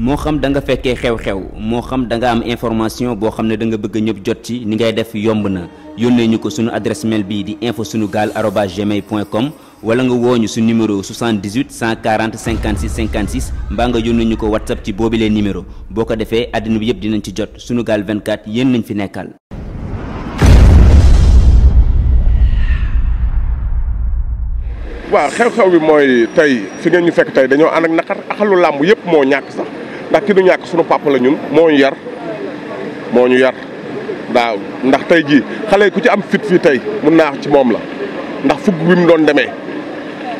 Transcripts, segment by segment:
moo xam da nga fekkee xew-xew moo xam da nga am information boo xam ne da nga bëgg ñëpp jot ci ni ngay def yomb na yónnee ñu ko sunu adresse mail bii di info sunu gaal arobase gmail point com wala nga woo ñu su numéro 78 140 56 56 mbaa nga yónnee ñu ko whatsapp ci boobilee numéro boo ko defee àddina bi yëpp dinañ ci jot sunu gaal 24 yéen nañ fi nekkal. waaw xew-xew bi mooy tey fi ngeen ñu fekk tey dañoo ànd ak naqar axalu làmb yëpp moo ñàkk sax. ndax ki nu ñàkk sunu papa la ñun moo ñu yar moo ñu yar daaw ndax tey jii xale ku ci am fit fii tey mun naa ci moom la ndax fu bi doon demee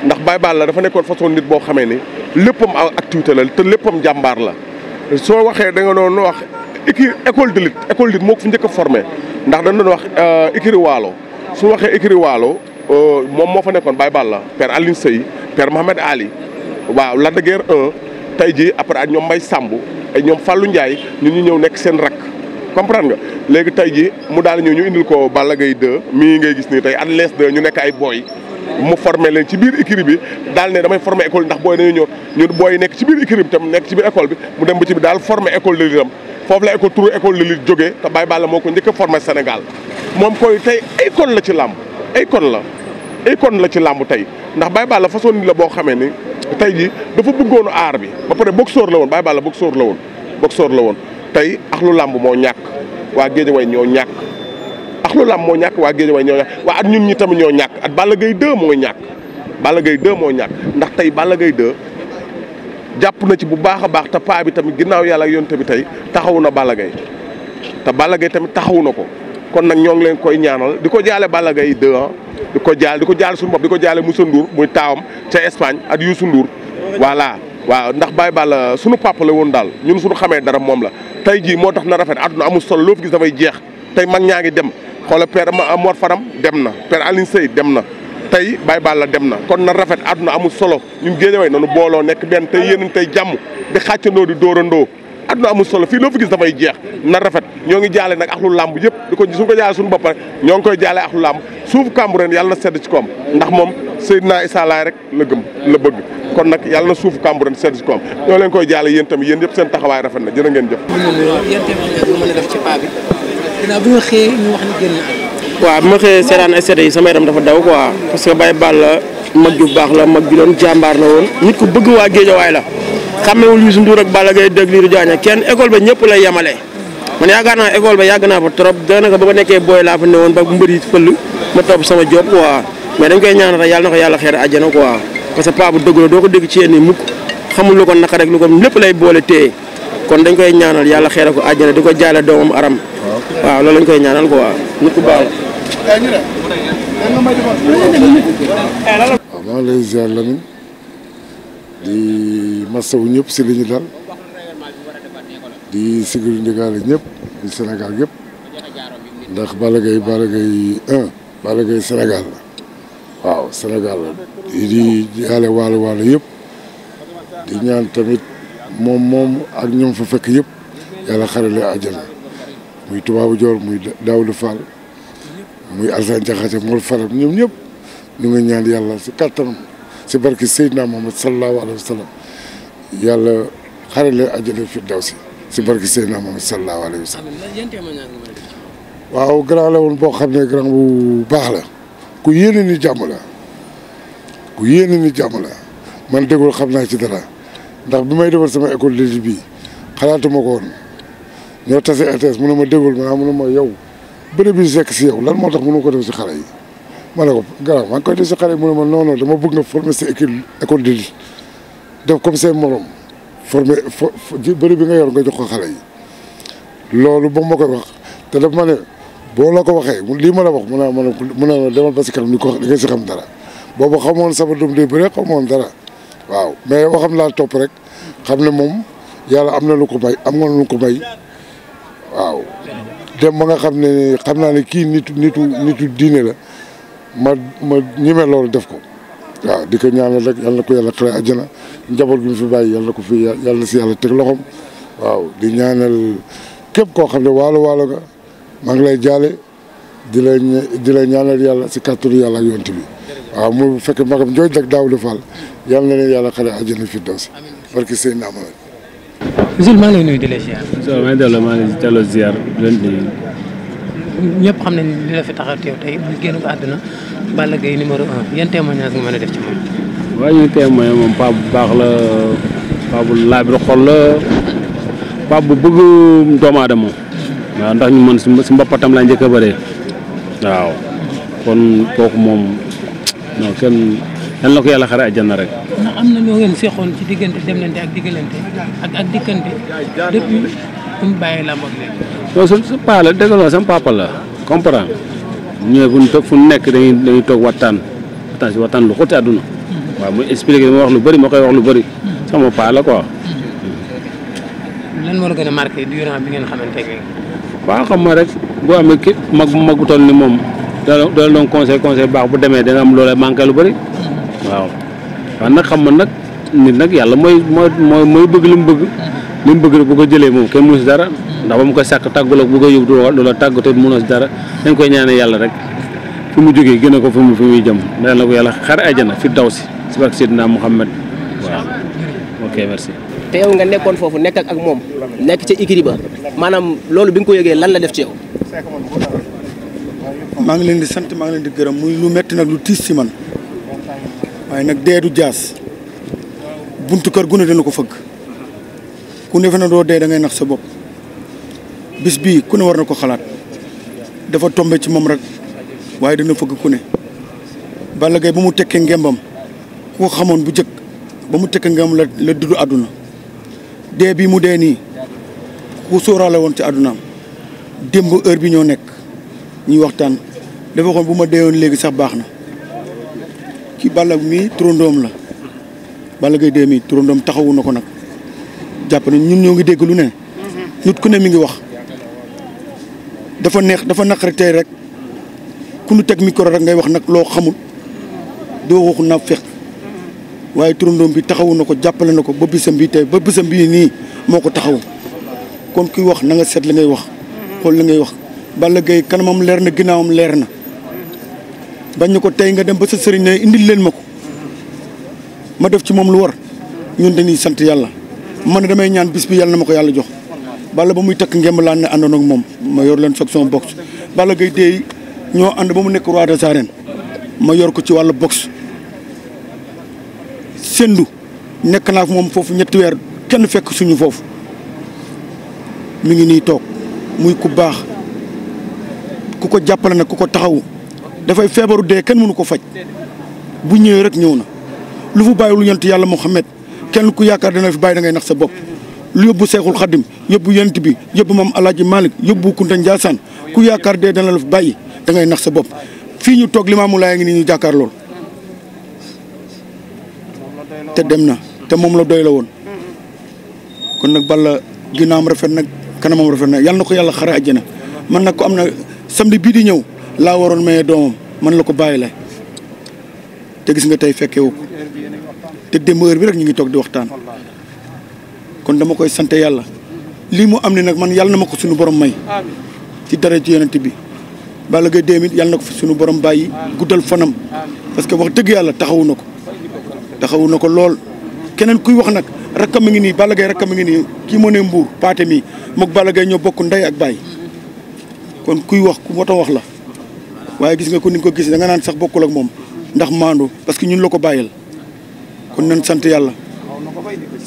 ndax Baye baal la dafa nekkoon façon nit boo xamee ni léppam activité la te léppam jàmbaar la soo waxee da nga doon wax écurie école de lutte école de moo fu njëkk a formé ndax dañ doon wax euh, écurie waalo su waxee écurie waalo euh, moom moo fa nekkoon Baye Balla la père Aline Seye père Mohamed Ali waaw Lac tey jii après ak ñoom Mbaye Samb ay ñoom Fallou njaay ñun ñu ñëw nekk seen rakk comprendre nga léegi tey jii mu daal ñëw ñu indil ko Balla Gaye 2 mii ngay gis nii tey at lees 2 ñu nekk ay booy mu forme leen ci biir écurie bi daal ne damay formé école ndax booy dañu ñëw ñun booy nekk ci biir écurie bi tam nekk ci biir école bi mu dem ba bi daal formé école de lutte am foofu la école turu école de lutte jógee te Baye Balla moo ko njëkk a formé Sénégal moom koy tey école la ci làmb école la école la ci làmb tey ndax Baye Balla façon la boo xamee ni tey ji dafa bëggoon aar bi ba pare boxeur la woon Baye Balla boxeur la woon boxeur la woon tey axlu làmb moo ñàkk waa Géejawaay ñoo ñàkk axlu làmb moo ñàkk waa Géejawaay ñoo ñàkk waa at ñun ñi tamit ñoo ñàkk at Balla Gaye 2 mooy ñàkk Balla Gaye 2 moo ñàkk ndax tey Balla Gaye 2 jàpp na ci bu baax a baax te paa bi tamit ginnaaw yàlla ak yonte bi tey taxawu na Balla Gaye te Balla Gaye tamit taxawu na ko kon nag ñoo ngi leen koy ñaanool di ko jaale Balla Gaye 2 ah di ko jaal di ko jaal suñu bopp di ko jaale Moussa Ndour muy taawam ca Espagne ak Youssou sunduur voilà waaw ndax Baye Balla sunu papa la woon daal ñun suñu xamee dara moom la tey jii moo tax na rafet àdduna amu solo loo fi gis jeex tey mag ñaa ngi dem xoola père Mor Faram dem na père Aline Sey dem na tey Baye Balla dem na kon na rafet àdduna amu solo ñun géejaway nanu booloo nekk benn tey yéen tey jàmm di xàccandoo di dóorandoo àdduna amul solo fii loo fi gis dafay jeex na rafet ñoo ngi jaale nag axlu làmb yëpp di ko suñu ko jaale suñu bopp rek ñoo ngi koy jaale axlu làmb suuf Cambérène yàlla na sedd ci koom ndax moom Seydina naa Laye rek la gëm la bëgg kon nag yàlla na suuf Cambérène sedd ci koom ñoo leen koy jaale yéen tamit yéen yëpp seen taxawaay rafet na jërë ngeen jëf. ginnaaw bi xëyee ñu wax ma xëyee seetaan stade yi sama yaram dafa daw quoi parce que Baye Balla mag ju baax la mag ju doon jàmbaar la woon ku bëgg waa Géejawaay la xamewul Youssou Ndour ak Balla Gaye dëgg liiru jaaña kenn école ba ñëpp la yemale. man yaakaar naa école ba yàgg naa fa trop daanaka ba ma nekkee booy laa fa ne woon ba mbër yi fëll ma topp sama job quoi mais dañ koy ñaanal rek yàlla na ko yàlla xeer àjjana quoi parce que paa bu dëgg la doo ko dégg ci yéen mukk xamul lu ko naka rek lu ko lépp lay boole téye kon dañ koy ñaanal yàlla xeer ko àjjana di ko jaale doomam aram waaw loolu lañ koy ñaanal quoi nit ku baax la. waaw di masawu ñëpp si li dal di sigiru ndigaale ñëpp di Sénégal yëpp ndax Balla Gaye Balla Gaye 1 Balla Gaye Sénégal la waaw Sénégal la di jaale waalo waalo yëpp di ñaan tamit moom moom ak ñoom fa fekk yëpp yàlla xarale àjjana muy tubaabu joor muy Daawudu Fall muy Alsan Jaxate mool faram ñoom ñëpp ñu nga ñaan yàlla si kattanam si barki Seydina Mohamed sallallahu alayhi wa sallam yàlla xare leen àjjana fi daw si si barki Seydina Mohamed sallallahu alayhi wa sallam. waaw grand la woon boo xam ne grand bu baax la ku yéene nii jàmm la ku yéene ni jàmm la man déggul xam naa ci dara ndax bi may defal sama école de bii xalaatuma ko woon ñoo tase RTS mu ne ma déggul ma mu ne ma yow bëri bi ñu si yow lan moo tax mënu ko def si xale yi. ma ne ko garaaw koy déglu si xale yi mu ne ma non non dama bëgg nga former sa école de def comme seen morom former fo bëri bi nga yor nga jox ko xale yi loolu moom ma koy wax te daf ma ne boo la ko waxee lii ma la wax mun naa man ne demal ba si kanam ni ko di nga si xam dara boobu xamoon sama doom day bëre xamoon dara waaw mais waxam laa topp rek xam ne moom yàlla am na lu ko may am nga lu ko may waaw dem ba nga xam ne xam naa ne kii nitu nitu nitu diine la ma ma ñemee loolu def ko waaw di ko ñaanal rek yàlla na ko yàlla xale àjjana njaboot bi mu fi bàyyi yàlla na ko fi yàlla si yàlla teg loxoom waaw di ñaanal képp koo xam ne waalo waalo nga maa ngi lay jaale di la di la ñaanal yàlla si kàttanu yàlla ak yonent bi waaw mu fekk magam jooju nag daaw di faal yàlla na leen yàlla xale àjjana fi daw si barke Seydina Muhammad. monsieur maa ngi lay di la ziar. maa ngi delloo maa ngi delloo ziar leen di. ñëpp xam nañ li la fi tax a teew tey muy génn ko àdduna Balla Gaye numéro un yan témoignage nga mën a def ci moom. waaye ñuy mooy moom paa bu baax la paa bu laabir xol la paa bu bëgg doomu aadama waaw ndax ñu mën si mbappatam laa njëkk a bëree waaw kon kooku moom non kenn yan la ko yàlla xare àjjana rek. ndax na ñoo ci diggante demlante ku mu bàyyi làmb ak léegi. non sa sa paa la dëgg la sama papa la comprendre ñëwee fu ñu toog fu ñu nekk dañuy dañuy toog waxtaan waxtaan si waxtaan lu xotti àdduna. Mm-hmm. waaw muy expliqué ma wax lu bëri ma koy wax lu bëri. Mm-hmm. sama paa la quoi. Mm-hmm. moo la gën a marqué durant bi ngeen xamante ne. waaw xam ma rek boo amee ki mag mag bu toll ni moom dana dana doon conseil conseil baax bu demee dana am loola manqué lu bari waaw waaw nag xam ma nag nit nag yàlla mooy mooy bëgg li mu bëgg. li mu bëgg rek bu ko jëlee moom kenn mënu si dara ndax ba mu ko sàkk tàggu bu ko yóbbu du la tàggu te mënoo si dara dañ koy ñaane yàlla rek fi mu jógee gën a ko fi mu fi muy jëm dal na ko yàlla xare ajana fi daw si si barke Seydina Muhammad waaw ok merci te yow nga nekkoon foofu nekk ak moom nekk ca ikiri ba maanaam loolu bi nga ko yëgee lan la def ci yow maa ngi leen di sant maa ngi leen di gërëm muy lu metti nag lu tiis si man waaye nag dee du jaas buntu kër gu ne dana ko fëgg ku ne fe na doo dee da ngay nax sa bopp bis bi ku ne war na ko xalaat dafa tombe ci moom rek waaye dana fëgg ku ne Balla Gaye ba mu tekkee ngembam ku ko xamoon bu jëkk ba mu tekkee ngembam la la dudd àdduna dee bi mu dee nii ku sóoraale woon ci àddunaam démb heure bi ñoo nekk ñuy waxtaan dafa xoon bu ma deewoon léegi sax baax na ki Balla mii turandoom la Balla Gaye dee mii turandoom taxawu na ko nag jàpp na ñun ñoo ngi dégg lu ne. nit ku ne mi ngi wax dafa neex dafa naq rek rek ku nu teg micro rek ngay wax nag loo xamul doo waxu na fekk waaye turandoom bi taxawu na ko jàppale na ko ba bisam bii tey ba bisam bii nii moo ko taxawu kon kuy wax na nga seet li ngay wax. xool li ngay wax Balla Gaye kanamam leer na ginnaawam leer na bañ na ko tey nga dem ba sa sëriñ ne indil leen ma ko ma def ci moom lu war ñun dañuy sant yàlla. man damay ñaan bis bi yàlla na ma ko yàlla jox bala ba muy takk ngemb laan ne àndoon ak moom ma yor leen soo boxe bala gay dey ñoo ànd ba mu nekk roi des arènes ma yor ko ci wàllu boxe sendu nekk naa moom foofu ñetti weer kenn fekk suñu foofu mu ngi nii toog muy ku baax ku ko jàppale nag ku ko taxawu dafay feebaru dee kenn mënu ko faj bu ñëwee rek ñëw na lu fu bàyyiwul yonent yàlla Muhammad kenn ku yaakaar dana fi bàyyi dangay nax sa bopp lu yóbbu seexul xaddim yóbbu yent bi yóbbu maam alaaji malik yóbbu kunta njaasaan ku yaakaar dee dana la fi bàyyi dangay nax sa bopp fii ñu toog limaamu laay ngi nii ñu jàkkaar te dem na te moom la doy la woon kon nag balla ginnaawam rafet nag kanamam rafet nag yàlla na ko yàlla xare àjjana man nag ko am na samedi bii di ñëw laa waroon maye doomam man la ko bàyyi la te gis nga tey fekkewu te démb bi rek ñu ngi toog di waxtaan kon dama koy sant yàlla lii mu am ne nag man yàlla na ma ko suñu borom may ci dara ci yonent bi Balla Gaye 2 yàlla na ko fi suñu borom bàyyi guddal fanam parce que wax dëgg yàlla taxawu na ko taxawu na ko lool keneen kuy wax nag rakkam ma ngi nii Balla Gaye rakkam mi ngi nii kii moo ne mbuur paate mi mook Balla gay ñoo bokk ndey ak bàyyi kon kuy wax ku mot a wax la waaye gis nga ko ni nga ko gis da nga naan sax bokkul ak moom ndax maandu parce que ñun la ko bàyyil kon nañ sant yàlla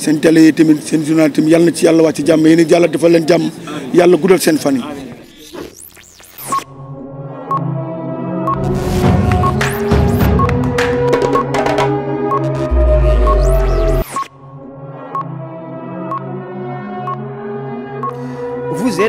seen télé yi tamit seen journal tamit yàlla na ci yàlla wàcc jàmm yéen a yàlla defal leen jàmm yàlla guddal seen fan